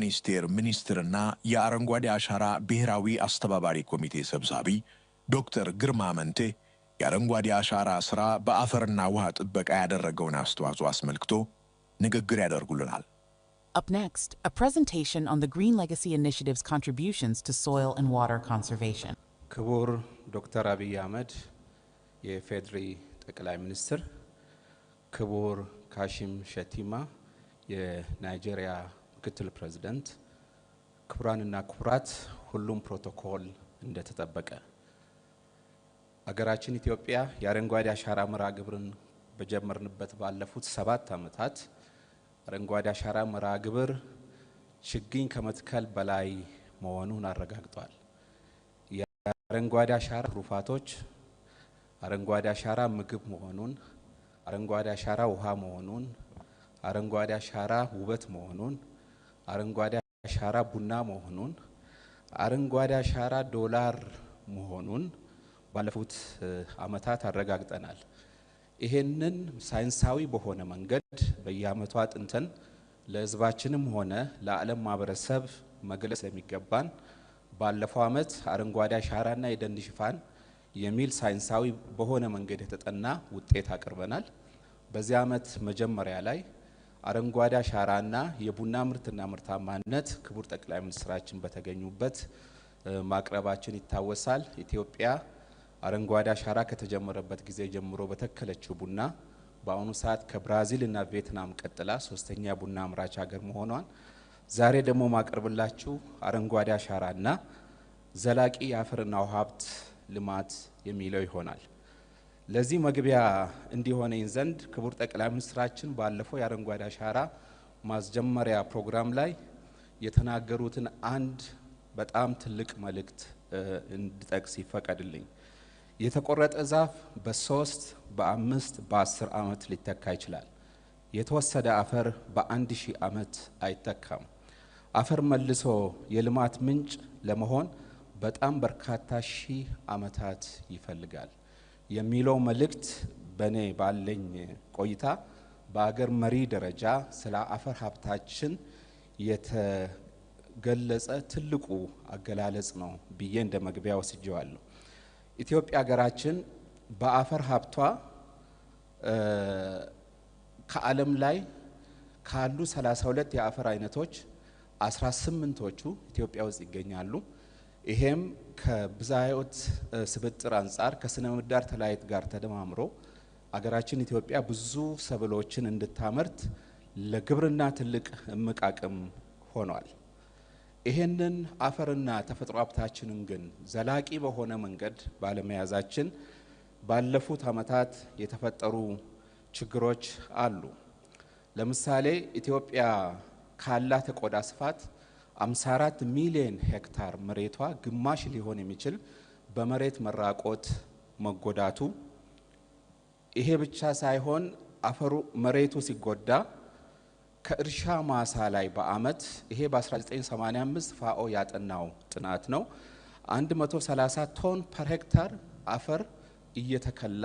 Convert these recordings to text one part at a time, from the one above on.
ሚኒስቴር ሚኒስትርና የአረንጓዴ አሻራ ብሔራዊ አስተባባሪ ኮሚቴ ሰብሳቢ ዶክተር ግርማ መንቴ የአረንጓዴ አሻራ ስራ በአፈርና ውሃ ጥበቃ ያደረገውን አስተዋጽኦ አስመልክቶ ንግግር ያደርጉልናል። Up next, a presentation on the Green Legacy Initiative's contributions to soil and water conservation. ክቡር ዶክተር አብይ አህመድ የፌዴሪ ጠቅላይ ሚኒስትር፣ ክቡር ካሺም ሸቲማ የናይጄሪያ ምክትል ፕሬዚደንት፣ ክቡራንና ክቡራት፣ ሁሉም ፕሮቶኮል እንደተጠበቀ አገራችን ኢትዮጵያ የአረንጓዴ አሻራ መርሃ ግብርን በጀመርንበት ባለፉት ሰባት ዓመታት አረንጓዴ አሻራ መርሃ ግብር ችግኝ ከመትከል በላይ መሆኑን አረጋግጧል። የአረንጓዴ አሻራ ሩፋቶች አረንጓዴ አሻራ ምግብ መሆኑን፣ አረንጓዴ አሻራ ውሃ መሆኑን፣ አረንጓዴ አሻራ ውበት መሆኑን አረንጓዴ አሻራ ቡና መሆኑን፣ አረንጓዴ አሻራ ዶላር መሆኑን ባለፉት ዓመታት አረጋግጠናል። ይሄንን ሳይንሳዊ በሆነ መንገድ በየዓመቱ አጥንተን ለሕዝባችንም ሆነ ለዓለም ማህበረሰብ መግለጽ የሚገባን ባለፈው ዓመት አረንጓዴ አሻራና የደን ሽፋን የሚል ሳይንሳዊ በሆነ መንገድ የተጠና ውጤት አቅርበናል። በዚህ ዓመት መጀመሪያ ላይ አረንጓዴ አሻራና የቡና ምርትና ምርታማነት ክቡር ጠቅላይ ሚኒስትራችን በተገኙበት ማቅረባችን ይታወሳል። ኢትዮጵያ አረንጓዴ አሻራ ከተጀመረበት ጊዜ ጀምሮ በተከለችው ቡና በአሁኑ ሰዓት ከብራዚል እና ቪየትናም ቀጥላ ሶስተኛ ቡና አምራች ሀገር መሆኗን ዛሬ ደግሞ ማቀርብላችሁ አረንጓዴ አሻራና ዘላቂ የአፈርና ውሃ ሀብት ልማት የሚለው ይሆናል። ለዚህ መግቢያ እንዲሆነኝ ዘንድ ክቡር ጠቅላይ ሚኒስትራችን ባለፈው የአረንጓዴ አሻራ ማስጀመሪያ ፕሮግራም ላይ የተናገሩትን አንድ በጣም ትልቅ መልእክት እንድጠቅስ ይፈቀድልኝ። የተቆረጠ ዛፍ በሶስት በአምስት በአስር ዓመት ሊተካ ይችላል። የተወሰደ አፈር በአንድ ሺህ ዓመት አይተካም። አፈር መልሶ የልማት ምንጭ ለመሆን በጣም በርካታ ሺህ ዓመታት ይፈልጋል። የሚለው መልእክት በእኔ ባለኝ ቆይታ በአገር መሪ ደረጃ ስለ አፈር ሀብታችን የተገለጸ ትልቁ አገላለጽ ነው ብዬ እንደ መግቢያ ወስጀዋለሁ። ኢትዮጵያ ሀገራችን በአፈር ሀብቷ ከዓለም ላይ ካሉ 32 የአፈር አይነቶች 18ቶቹ ኢትዮጵያ ውስጥ ይገኛሉ። ይሄም ከብዝሃ ሕይወት ስብጥር አንጻር ከስነ ምህዳር ተላይት ጋር ተደማምሮ አገራችን ኢትዮጵያ ብዙ ሰብሎችን እንድታመርት ለግብርና ትልቅ እምቅ አቅም ሆኗል። ይሄንን አፈርና ተፈጥሮ ሀብታችንን ግን ዘላቂ በሆነ መንገድ ባለመያዛችን ባለፉት ዓመታት የተፈጠሩ ችግሮች አሉ። ለምሳሌ ኢትዮጵያ ካላት የቆዳ ስፋት 54 ሚሊዮን ሄክታር መሬቷ ግማሽ ሊሆን የሚችል በመሬት መራቆት መጎዳቱ፣ ይሄ ብቻ ሳይሆን አፈሩ መሬቱ ሲጎዳ ከእርሻ ማሳ ላይ በአመት ይሄ በ1985 ፋኦ ያጠናው ጥናት ነው 130 ቶን ፐር ሄክታር አፈር እየተከላ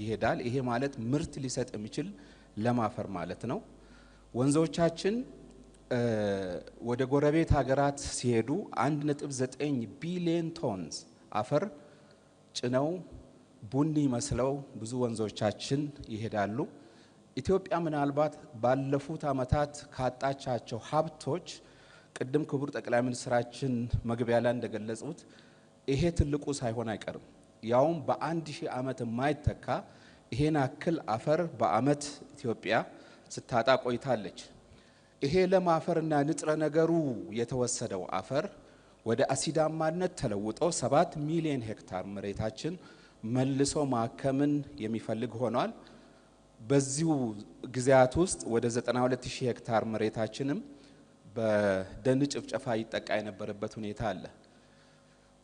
ይሄዳል። ይሄ ማለት ምርት ሊሰጥ የሚችል ለም አፈር ማለት ነው። ወንዞቻችን ወደ ጎረቤት ሀገራት ሲሄዱ 1.9 ቢሊዮን ቶንስ አፈር ጭነው ቡኒ መስለው ብዙ ወንዞቻችን ይሄዳሉ። ኢትዮጵያ ምናልባት ባለፉት ዓመታት ካጣቻቸው ሀብቶች ቅድም ክቡር ጠቅላይ ሚኒስትራችን መግቢያ ላይ እንደገለጹት ይሄ ትልቁ ሳይሆን አይቀርም። ያውም በአንድ ሺህ ዓመት የማይተካ ይሄን አክል አፈር በዓመት ኢትዮጵያ ስታጣ ቆይታለች። ይሄ ለም አፈርና ንጥረ ነገሩ የተወሰደው አፈር ወደ አሲዳማነት ተለውጦ ሰባት ሚሊዮን ሄክታር መሬታችን መልሶ ማከምን የሚፈልግ ሆኗል። በዚሁ ጊዜያት ውስጥ ወደ 92 ሺህ ሄክታር መሬታችንም በደን ጭፍጨፋ ይጠቃ የነበረበት ሁኔታ አለ።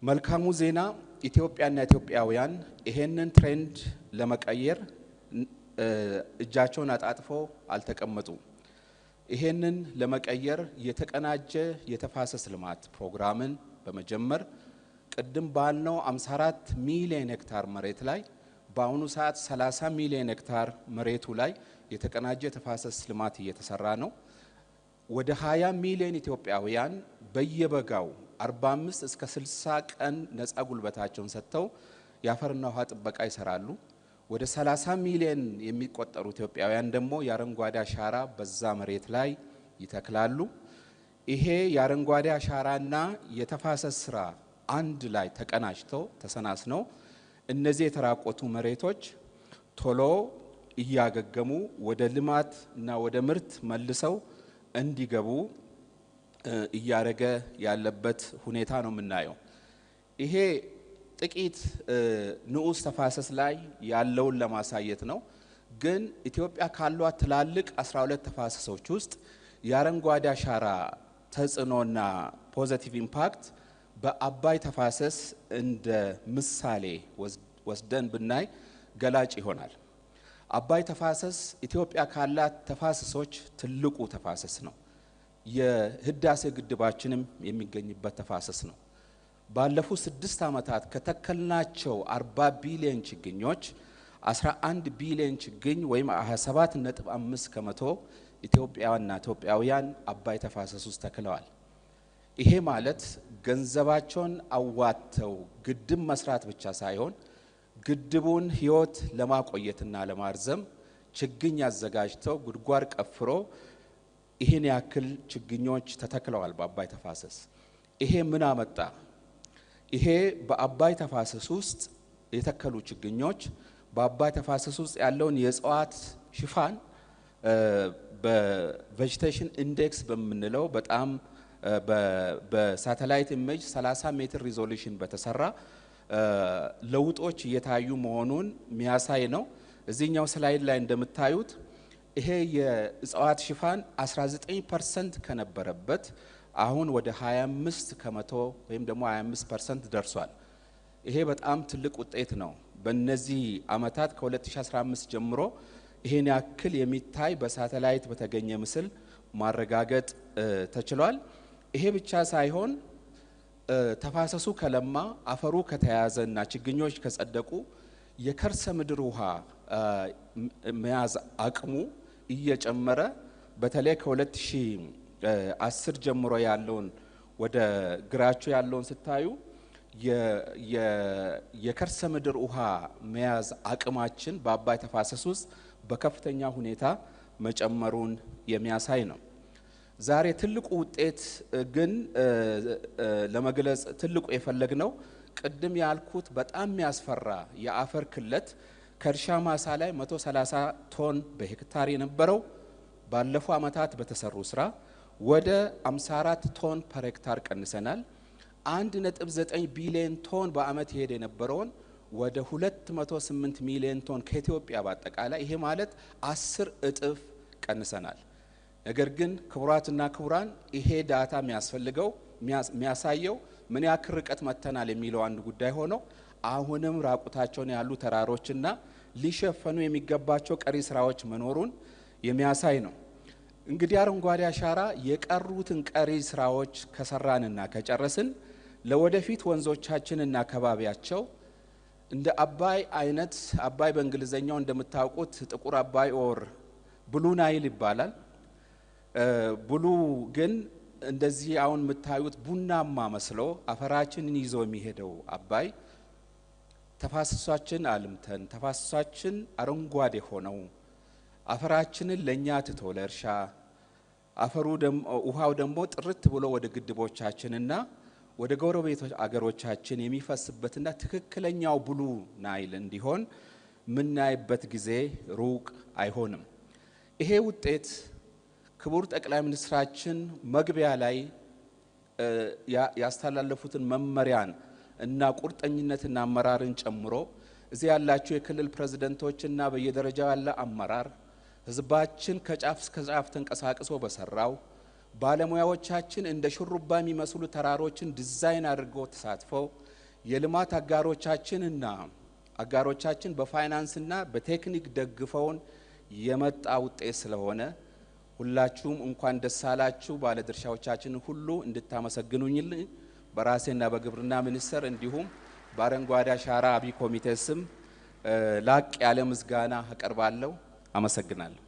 መልካሙ ዜና ኢትዮጵያና ኢትዮጵያውያን ይሄንን ትሬንድ ለመቀየር እጃቸውን አጣጥፎ አልተቀመጡም። ይሄንን ለመቀየር የተቀናጀ የተፋሰስ ልማት ፕሮግራምን በመጀመር ቅድም ባልነው 54 ሚሊዮን ሄክታር መሬት ላይ በአሁኑ ሰዓት 30 ሚሊዮን ሄክታር መሬቱ ላይ የተቀናጀ የተፋሰስ ልማት እየተሰራ ነው። ወደ 20 ሚሊዮን ኢትዮጵያውያን በየበጋው 45 እስከ 60 ቀን ነፃ ጉልበታቸውን ሰጥተው የአፈርና ውሃ ጥበቃ ይሰራሉ። ወደ 30 ሚሊዮን የሚቆጠሩ ኢትዮጵያውያን ደግሞ የአረንጓዴ አሻራ በዛ መሬት ላይ ይተክላሉ። ይሄ የአረንጓዴ አሻራና የተፋሰስ ስራ አንድ ላይ ተቀናጅቶ ተሰናስነው እነዚህ የተራቆቱ መሬቶች ቶሎ እያገገሙ ወደ ልማት እና ወደ ምርት መልሰው እንዲገቡ እያደረገ ያለበት ሁኔታ ነው የምናየው። ይሄ ጥቂት ንዑስ ተፋሰስ ላይ ያለውን ለማሳየት ነው። ግን ኢትዮጵያ ካሏት ትላልቅ 12 ተፋሰሶች ውስጥ የአረንጓዴ አሻራ ተጽዕኖና ፖዘቲቭ ኢምፓክት በአባይ ተፋሰስ እንደ ምሳሌ ወስደን ብናይ ገላጭ ይሆናል። አባይ ተፋሰስ ኢትዮጵያ ካላት ተፋሰሶች ትልቁ ተፋሰስ ነው። የህዳሴ ግድባችንም የሚገኝበት ተፋሰስ ነው። ባለፉት ስድስት ዓመታት ከተከልናቸው 40 ቢሊዮን ችግኞች 11 ቢሊዮን ችግኝ ወይም 27.5 ከመቶ ኢትዮጵያና ኢትዮጵያውያን አባይ ተፋሰስ ውስጥ ተክለዋል። ይሄ ማለት ገንዘባቸውን አዋጥተው ግድብ መስራት ብቻ ሳይሆን ግድቡን ሕይወት ለማቆየትና ለማርዘም ችግኝ አዘጋጅተው ጉድጓድ ቀፍሮ ይህን ያክል ችግኞች ተተክለዋል በአባይ ተፋሰስ። ይሄ ምን አመጣ? ይሄ በአባይ ተፋሰስ ውስጥ የተከሉ ችግኞች በአባይ ተፋሰስ ውስጥ ያለውን የእጽዋት ሽፋን በቬጂቴሽን ኢንዴክስ በምንለው በጣም በሳተላይት ኢሜጅ 30 ሜትር ሪዞሉሽን በተሰራ ለውጦች እየታዩ መሆኑን የሚያሳይ ነው። እዚህኛው ስላይድ ላይ እንደምታዩት ይሄ የእጽዋት ሽፋን 19 ፐርሰንት ከነበረበት አሁን ወደ 25 ከመቶ ወይም ደግሞ 25 ፐርሰንት ደርሷል። ይሄ በጣም ትልቅ ውጤት ነው። በእነዚህ አመታት ከ2015 ጀምሮ ይህን ያክል የሚታይ በሳተላይት በተገኘ ምስል ማረጋገጥ ተችሏል። ይሄ ብቻ ሳይሆን ተፋሰሱ ከለማ አፈሩ እና ችግኞች ከጸደቁ የከርሰ ምድር ውሃ መያዝ አቅሙ እየጨመረ በተለይ ከ2000 አስር ጀምሮ ያለውን ወደ ግራችሁ ያለውን ስታዩ የከርሰ ምድር ውሃ መያዝ አቅማችን በአባይ ተፋሰስ ውስጥ በከፍተኛ ሁኔታ መጨመሩን የሚያሳይ ነው። ዛሬ ትልቁ ውጤት ግን ለመግለጽ ትልቁ የፈለግ ነው ቅድም ያልኩት በጣም የሚያስፈራ የአፈር ክለት ከእርሻ ማሳ ላይ 130 ቶን በሄክታር የነበረው ባለፉ ዓመታት በተሰሩ ስራ ወደ 54 ቶን ፐር ሄክታር ቀንሰናል። 1.9 ቢሊዮን ቶን በአመት ይሄድ የነበረውን ወደ 208 ሚሊዮን ቶን ከኢትዮጵያ በአጠቃላይ ይሄ ማለት 10 እጥፍ ቀንሰናል። ነገር ግን ክቡራትና ክቡራን ይሄ ዳታ የሚያስፈልገው የሚያሳየው ምን ያክል ርቀት መጥተናል የሚለው አንድ ጉዳይ ሆኖ አሁንም ራቁታቸውን ያሉ ተራሮችና ሊሸፈኑ የሚገባቸው ቀሪ ስራዎች መኖሩን የሚያሳይ ነው። እንግዲህ አረንጓዴ አሻራ የቀሩትን ቀሪ ስራዎች ከሰራንና ከጨረስን ለወደፊት ወንዞቻችንና ከባቢያቸው እንደ አባይ አይነት አባይ በእንግሊዘኛው እንደምታውቁት ጥቁር አባይ ኦር ብሉ ናይል ይባላል። ብሉ ግን እንደዚህ አሁን የምታዩት ቡናማ መስሎ አፈራችንን ይዞ የሚሄደው አባይ ተፋሰሳችን አልምተን ተፋሰሳችን አረንጓዴ ሆነው አፈራችንን ለእኛ ትቶ ለእርሻ አፈሩ ውሃው ደግሞ ጥርት ብሎ ወደ ግድቦቻችንና ወደ ጎረቤቶ አገሮቻችን የሚፈስበትና ትክክለኛው ብሉ ናይል እንዲሆን የምናይበት ጊዜ ሩቅ አይሆንም። ይሄ ውጤት ክቡር ጠቅላይ ሚኒስትራችን መግቢያ ላይ ያስተላለፉትን መመሪያን እና ቁርጠኝነትና አመራርን ጨምሮ እዚህ ያላችሁ የክልል ፕሬዝደንቶችና በየደረጃው ያለ አመራር ህዝባችን ከጫፍ እስከ ጫፍ ተንቀሳቅሶ በሰራው ባለሙያዎቻችን እንደ ሹሩባ የሚመስሉ ተራሮችን ዲዛይን አድርገው ተሳትፈው የልማት አጋሮቻችንና አጋሮቻችን በፋይናንስና በቴክኒክ ደግፈውን የመጣ ውጤት ስለሆነ ሁላችሁም እንኳን ደስ አላችሁ ባለድርሻዎቻችን ሁሉ እንድታመሰግኑኝልኝ በራሴና በግብርና ሚኒስቴር እንዲሁም በአረንጓዴ አሻራ አብይ ኮሚቴ ስም ላቅ ያለ ምስጋና አቀርባለሁ። አመሰግናለሁ።